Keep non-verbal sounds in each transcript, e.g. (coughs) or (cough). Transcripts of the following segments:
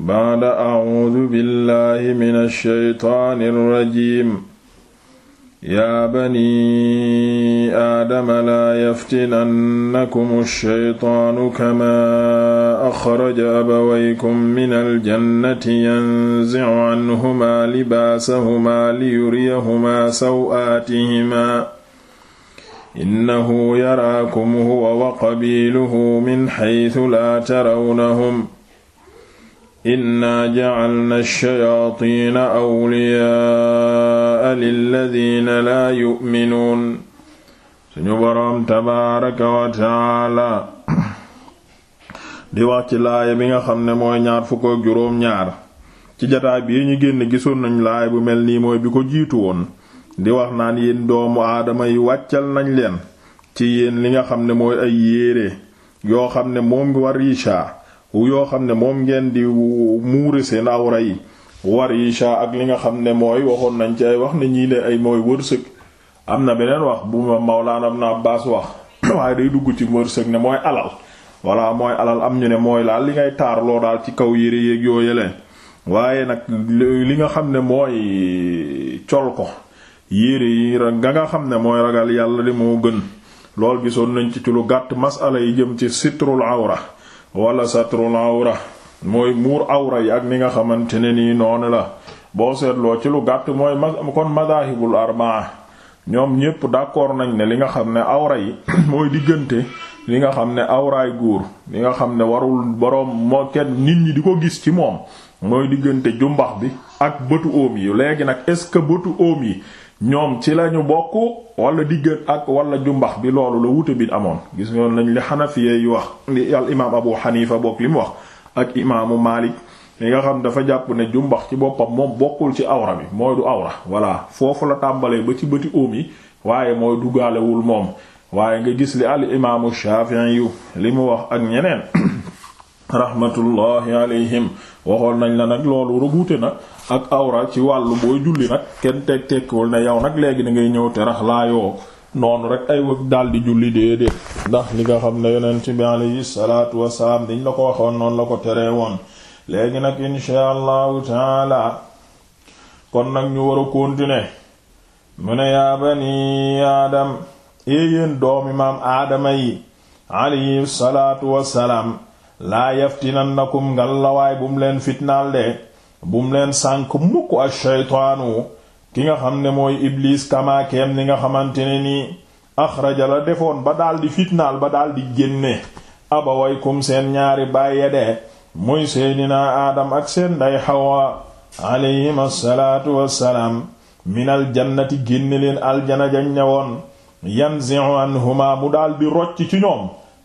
baada acuudu billahi min alsheytaan alrajim yaa bani aadama laa yaftinannakum alsheytaanu kama axraja abawaykum min aljannati yanzicu canhumaa libaasahumaa liyuriyahumaa saw'aatihimaa innahu yaraakum huwa wa qabiiluhu min xaytu laa tarawnahum inna ja'alna ash-shayaatiina awliyaa'a lilladiina laa yu'minuun suñu boroom tabaaraka di wax ci laaya bi nga xam ne mooy ñaar fukk ak juróom ñaar ci jataay bii ñu génn gisoon nañ laaya bu mel nii mooy bi ko jiitu woon di wax naan yéen doomu aadama yi wàccal nañ leen ci yéen li nga xam ne mooy ay yéere yoo xam ne moom war yi shaa yoo xam ne moom ngeen di muuri seen awra yi warisha ak li nga xam ne mooy waxoon nañ ci ay wax ne ñii ne ay mooy wërsëg am na beneen wax bu ma Mawlaana Ibn baas wax (clears throat) waaye day dugg ci wërsëg ne mooy alal walla mooy alal am ñu ne mooy laal li ngay taar daal ci kaw yére yéeg yoo waaye nag li nga xam ne mooy col ko yére yi nga nga xam ne mooy ragal yàlla de moo gën lool gisoon nañ ci ci lu gàtt masala yi jëm ci sitrul awra wala satrul awra mooy muur awra yi ak ni nga xamante ne nii noonu la boo seetloo ci lu gàtt mooy kon madahibul arbaa ñoom ñépp d'accord nañ ne li nga xam ne awra yi (clears throat) mooy diggante li nga xam ne awraay góor li nga xam ne warul boroom moo kenn nit ñi di ko gis ci moom mooy diggante jumbax bi ak bëtu óom yi léegi nag est-ce que bëtu óom yi ñoom ci lañu bokk wala digg ak wala jumbax bi loolu la wute bi amoon gis nga lañ li xanafiya yu wax li al imaam Abu Xanifa bokk li mu wax ak imaamu Maalik li nga xam dafa jàpp ne jumbax ci boppam moom bokkul ci awra bi mooy du awra voilà foofu la tàmbalee ba ci bëti óom yi waaye mooy dugaalewul moom waaye nga gis li al imaamu Shaafi'i yu li mu wax ak ñeneen rahmatullahi alayhim waxoon nañ la nag loolu rebuute na ak awra ci wàllu booy julli nag kenn teg tekkiwul ne yow nag léegi da ngay ñëw terax laayoo noonu rek ay wëg daal di julli déedéet ndax li nga xam ne yonent bi alayhi salaatu wasalaam diñ la ko waxoon noonu la ko tere woon léegi nag insha allahu taala kon nag ñu war a continuer mu ne yaa bani aadam éeyéen doomi maam aadama yi alayhi salaatu wasalaam laa yaftinannakum ngallawaay bu mu leen fitnaal de bu leen sànk mukk a shaytaanu ki nga xam ne mooy ibliis kamaakeem ni nga xamante ne nii axraja la defoon ba daldi fitnaal ba daldi génne abawaykum seen ñaari bàyye de muy seydinaa aadam ak seen nday xawa alayhim assalaatu wassalaam minal jannati génne leen aljana jañ ñewoon yanzi'u anhuma mu daldi rocc ci ñoom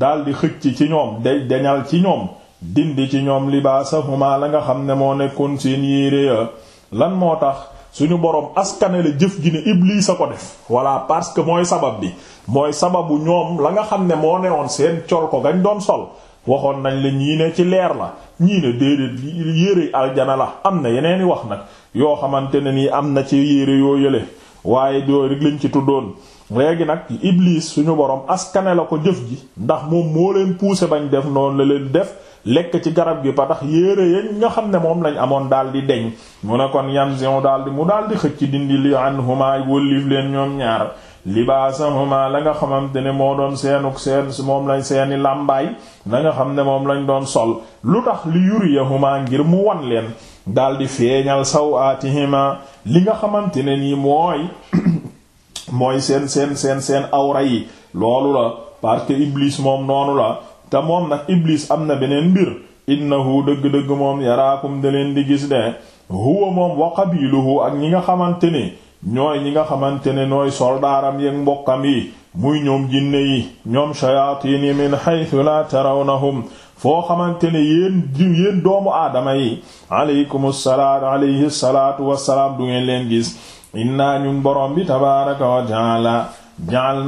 daldi xëcc ci ñoom day deñal ci ñoom dindi ci ñoom libaasahuma la nga xam ne moo nekkoon seen yére ya lan moo tax suñu boroom askane la jëf ji ne Iblis a ko def voilà parce que mooy sabab bi mooy sababu ñoom la nga xam ne moo newoon seen col ko gañ doon sol waxoon nañ la ñiine ci leer la ñii ne déedéet yére aljana la am na yeneeni wax nag yoo xamante ne nii am na ci yére yoo yële waaye yooyu rek lañ ci tuddoon léegi nag Iblis suñu borom askane la ko jëf ji ndax moom moo leen poussé bañ def noonu la leen def lekk ci garab gi ba yére yañ nga xam ne moom lañ amoon daal di deñ mu ne kon yanzi'u daal di mu daal di xëcc dindi li anhuma wóllif leen ñoom ñaar libaasahuma la nga xamante ne moo doon seenuk seen moom lañ seeni làmbaay la nga xam ne moom lañ doon sol lu tax li yuriyahuma ngir mu wan leen daldi feeñal saw aatihima li nga xamante ne nii mooy (clears throat) mooy seen seen seen seen awra yi loolu la parce que iblis moom noonu la te moom nag iblis am na beneen mbir innahu dëgg-dëgg moom yaraakum da leen di gis ne huwa moom wa qabiluhu ak ñi nga xamante ne ñooy ñi nga xamante ne nooy soldaaram yeeg mbokkam yi muy ñoom jinne yi ñoom shayatin yi min haythu la tarawnahum foo xamante ne yéen doomu aadama yi aleykum salaatu alayhi salaatu wassalaam du ngeen leen gis inna ñun borom bi tabaaraka wa taala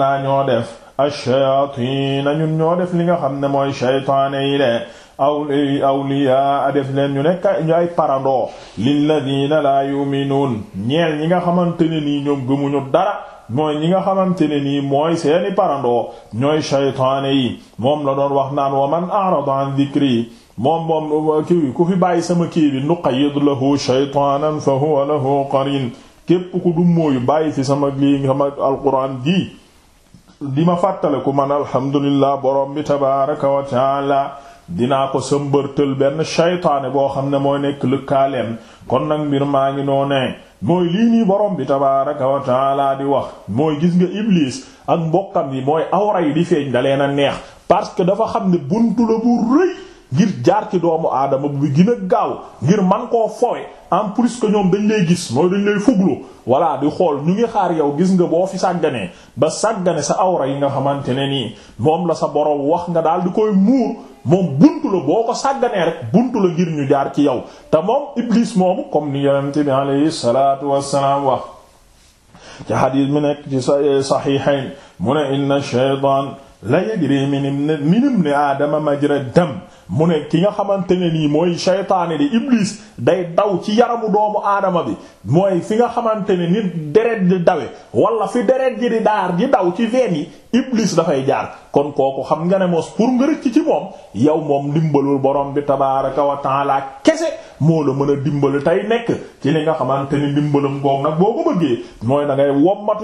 naa ñoo def ash-shayaatiina ñun ñoo def li nga xam ne mooy shaytaane yi de aw def leen ñu nekk ñu ay parandoo lilladina laa yuminuun ñeel ñi nga xamante ni nii ñoom gëmuñu dara mooy ñi nga xamante ne nii mooy seeni parandoo ñooy shaytaane moom la doon wax naan wa man a'rada an dhikri moom moom ku fi bàyyi sama kii bi nuqayyid lahu shaytaanan fa huwa lahu qarin képp ku du mooyu bàyyi fi sama lii sama alquran di di ma fàttale ku man alhamdulillah borom bi tabaaraka wa taala dinaa ko sëmbërtël benn shaytaane boo xam ne mooy nekk lëkkaaleem kon nag mbir maa ngi noonee mooy lii nii borom bi tabaaraka wa laa di wax mooy gis nga iblis ak mbokkam yi mooy awra yi di feeñ dalee na neex parce que dafa xam ne buntu la bu rëy ngir jaar ci doomu aadama bi gën a gaaw ngir man koo fowe en plus que ñoom dañ lay gis mooy dañ lay fuglu voilà di xool ñu ngi xaar yow gis nga boo fi sàgganee ba sàggane sa awra yi nga xamante ne nii moom la sa borom wax nga daal di koy muur moom buntu la boo ko sàgganee rek buntu la ngir ñu jaar ci yow te moom iblis moomu comme ni yonente bi alayhi salaatu wassalaam wax ci xadiis mi nekk ci saxiixayn mu ne inna shaytaan la yajri min ibni aadama majra dam mu ne ki nga xamante ne nii mooy shaytaane di iblis day daw ci yaramu doomu aadama bi mooy fi nga xamante ne nit deret di dawe wala fi deret ji di daar di daw ci veine yi iblis dafay jaar kon kooku xam nga ne mos pour nga rëcc ci moom yow moom ndimbalul borom bi tabaaraka wa taala kese moo la mën a dimbali tey nekk ci li nga xamante ni dimbalam ngoog nag boo ko bëggee mooy da ngay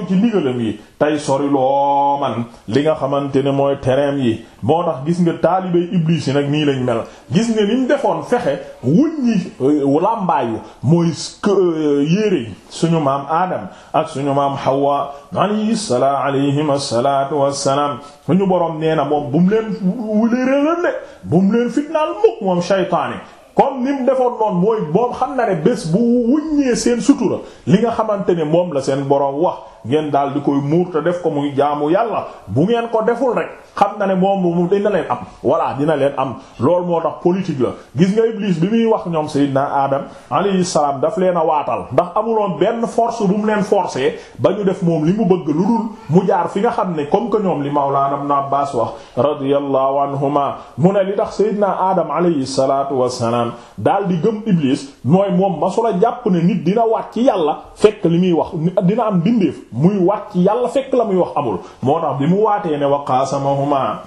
ci ndigalam yi tey sori loo man li nga xamante ne mooy tereem yi moo tax gis nga taalibey iblis yi nag nii lañ mel gis nga ni ñu defoon fexe wuññi euh, làmbaayu mooy euh, yére suñu maam Adam ak suñu maam Hawa alayhi salaam alayhim salaatu wassalaam suñu borom nee na moom bu mu leen wuleeree leen bu mu leen fitnaal mukk moom shaytaani comme ni mu defoon noonu mooy moom xam naa ne bés bu wuññee seen sutura li nga xamante ne moom la seen boroom wax ngeen daal di koy muur te def ko muy jaamu yàlla bu ngeen ko deful rek xam na ne moom moom dina leen am voilà dina leen am loolu moo tax politique la gis nga Iblis bi muy wax ñoom Seydina Adam alayhi salaam daf leen a waatal ndax amuloon benn force bu mu leen forcer ba ñu def moom li mu bëgg lu dul mu jaar fi nga xam ne comme que ñoom li Mawlana Ibn Abbas wax radiyallahu anhuma mu ne li tax Seydina Adam alayhi salaatu wassalaam daal di gëm Iblis mooy moom masula jàpp ne nit dina waat ci yàlla fekk li muy wax dina am bindeef muy wat ci yàlla fekk la muy wax amul moo tax bi mu waatee ne wa qaasamahuma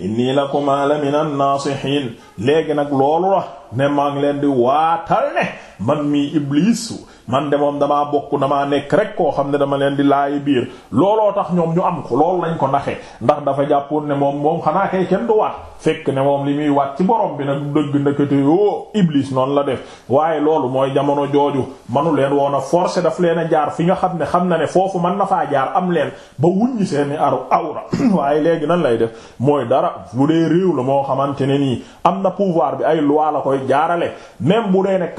inni lakuma la min an-nasihin léegi nag loolu la ne maa ngi leen di waatal ne man mii Iblis man de moom damaa bokk damaa nekk rek koo xam ne dama leen di laayi biir looloo tax ñoom ñu am ko loolu lañ ko naxee ndax dafa jàppoon ne moom moom xanaa kay kenn du waat fekk ne moom li muy waat ci borom bi nag dëgg ndëkkate yoo Iblis noonu la def waaye loolu mooy jamono jooju manu leen woon a forcer daf leen a jaar fi nga xam ne xam na ne foofu mën na faa jaar am leen ba wuññi seeni aru awra (coughs) waaye léegi nan lay def mooy dara bu dee réew la moo xamante ne nii am na pouvoir bi ay loi la koy jaarale même bu dee ne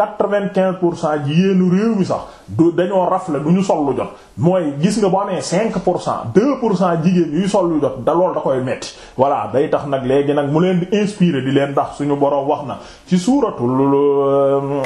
ñu sax du dañoo rafle du ñu sol lu jot mooy gis nga bu amee cinq pour cent deux pour cent jigéen yuy sol lu jot da lool da koy metti voilà day tax nag léegi nag mu leen di inspiré di leen ndax suñu boroom wax na ci suuratul euh,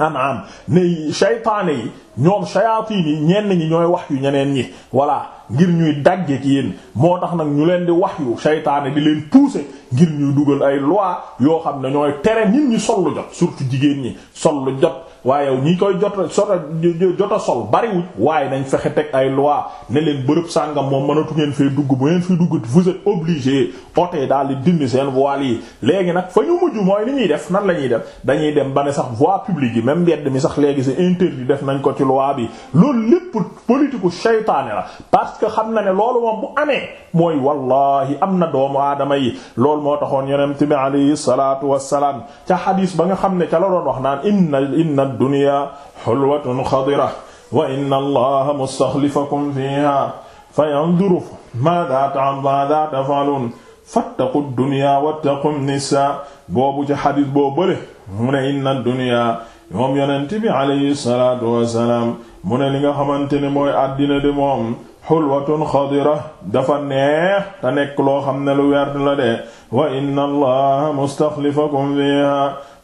An'am ne seytaane yi ñoom shayatin yi ñenn ñi ñooy wax yu ñeneen ñi voilà ngir ñuy dagge ci yéen moo tax nag ñu leen di wax yu seytaane bi leen pousser ngir ñuy dugal ay loi yoo xam ne ñooy tere nit ñi sol lu jot surtout jigéen ñi sol lu jot waaye ñi koy jot sot jota sol bariwuñ waaye nañ fexe teg ay loi ne leen bërëb sàngam moom mënatu ngeen fee dugg bu ngeen fi dugg vous êtes obligé ote daal di dindi seen voile yi léegi nag fa ñu mujj mooy li ñuy def nan la ñuy def dañuy dem ba ne sax voie publique yi même mbedd mi sax léegi c'est interdit def nañ ko ci loi bi loolu lépp politique u seytaane la parce que xam na ne loolu moom bu amee mooy wallahi am na doomu aadama yi loolu moo taxoon yonent bi alayhi salaatu wassalaam ca xadiis ba nga xam ne ca la doon wax naan inna inna ad-dunya hulwatun xadira wa inna allaha mustaxlifakum fiha fa yanzuru maada maada tafalun fattaqu ad-dunya wattaqu an-nisa boobu ca xadiis boo bële mu ne inna ad-dunya moom yonent bi alayhi salaatu wassalaam mu ne li nga xamante ne mooy àddina de moom xulwatun xadira dafa neex te nekk loo xam ne lu werd la de wa inna allaha mustaxlifakum fiha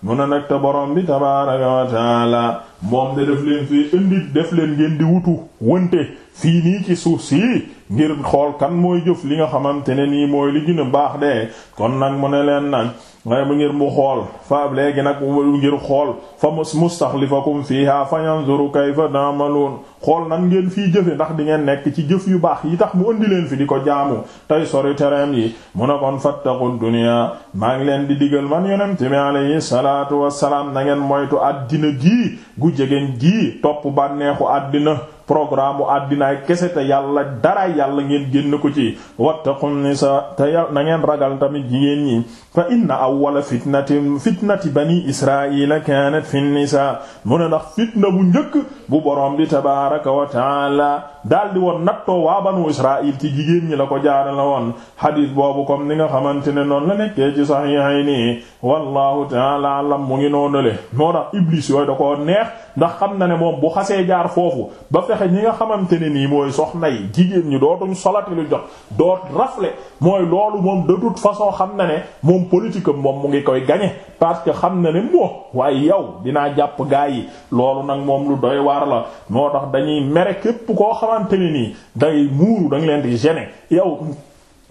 mu ne nag te borom bi tabaaraka wa taala moom de def leen fii indi def leen ngeen di wutu wënte fii nii ci suuf sii ngir xool kan mooy jëf li nga xamante ne nii mooy li gën a baax de kon nag mu ne leen nag waaye mu ngir mu xool fa léegi nag ngir xool fa mustaxlifakum fiha fa yanzuru kayfa ta'malun xool nan ngeen fii jëfe ndax di ngeen nekk ci jëf yu baax yi tax mu ëndi leen fi di ko jaamu tey sori tereem yi mu ne kon fattaqu dunya maa ngi leen di digal man yonent bi alayhi salaatu wassalaam na ngeen moytu àddina gii gu jegeen gii topp bànneexu àddina programme u àddinaay kese te yàlla dara yàlla ngeen génn ko ci wattaqun sa te na ngeen ragal tamit jigéen ñi fa inna awwala fitnati fitnati bani israila kanat fi sa mu ne ndax njëkk bu borom bi tabaar tabaraka wa taala daal di woon nattoo waa banu israil ci jigéen ñi la ko jaarale woon xadiis boobu comme ni nga xamante ne noonu la nekkee ci saxiixayni wallahu taala alam mu ngi noonale moo tax iblis yooyu da koo neex ndax xam na ne moom bu xasee jaar foofu ba fexe ñi nga xamante ne nii mooy soxna yi jigéen ñi dootuñ solati lu jox doot rafle mooy loolu moom de toute façon xam na ne moom politique am moom mu ngi koy gañe parce que xam na ne moo waaye yow dañuy mere képp koo xamante ne nii day muuru da leen di gêner yow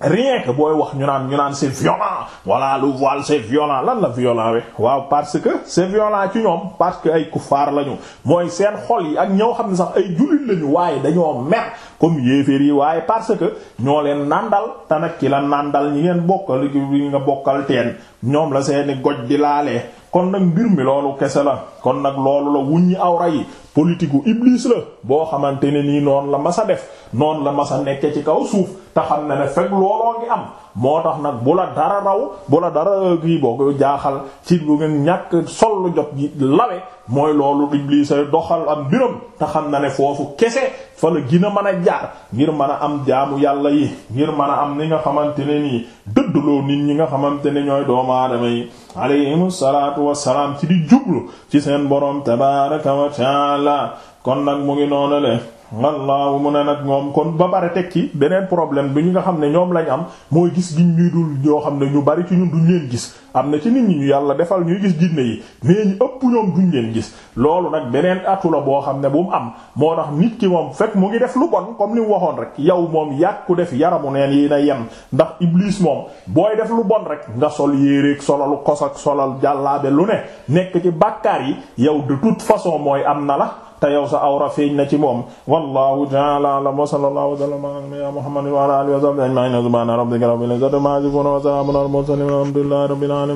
rien booy wax ñu naan ñu naan c'est violent voilà le voile c'est violent lan la violent we waaw parce que c'est violent ci ñoom parce que ay kuffaar lañu mooy seen xol yi ak ñëw xam ne sax ay jullit lañu waaye dañoo mer comme yéeféer yi waaye parce que ñoo leen nàndal te nag ki la nàndal ñi ngeen bokkal bi nga bokkal teen ñoom la seeni goj di laalee kon nag mbir mi loolu kese la kon nag loolu la wuññi aw yi politique u iblis la boo xamante ne nii noonu la masa def noonu la masa nekke ci kaw suuf te xam ne ne fekk looloo ngi am moo tax nag bu la dara raw bu la dara euh, kii boo ko jaaxal ci bu ngeen ñàkk sol lu jot ji lawe mooy loolu Iblis ay doxal am mbiram te xam na ne foofu kese fa la gina mën a jaar ngir mën a am jaamu yàlla yi ngir mën a am ni nga xamante ne nii dëddloo nit ñi nga xamante ne ñooy doomu aadama yi alayhimu salaatu wassalaam ci di jublu ci seen borom tabaaraka wa taala kon nag mu ngi noonu le wallaahu mu ne nag moom kon ba bare teg ci beneen problème bi ñu nga xam ne ñoom lañ am mooy gis giñ ñuy dul xam ne ñu bari ci ñun duñ leen gis am na ci nit ñi ñu yàlla defal ñuy gis jinne yi mais ñu ëpp ñoom duñ leen gis loolu nag beneen atu la boo xam ne bu mu am moo tax nit ki moom fekk mu ngi def lu bon comme ni waxoon rek yow moom yàgg ku def yaramu neen yi na yem ndax iblis moom booy def lu bon rek nga sol yéeréeg solalu kos ak solal jàllaabe lu ne nekk ci bàkkaar yi yow de toute façon mooy am na la te yow sa awra feeñ na ci moom wallahu ta'ala a'lam wa sallallahu wa sallama ala nabiyyina muhammadin wa ala alihi wa sahbihi ajma'in subhana rabbika rabbil izzati amma yasifun wa salamun ala al mursalin walhamdulillahi rabbil alamin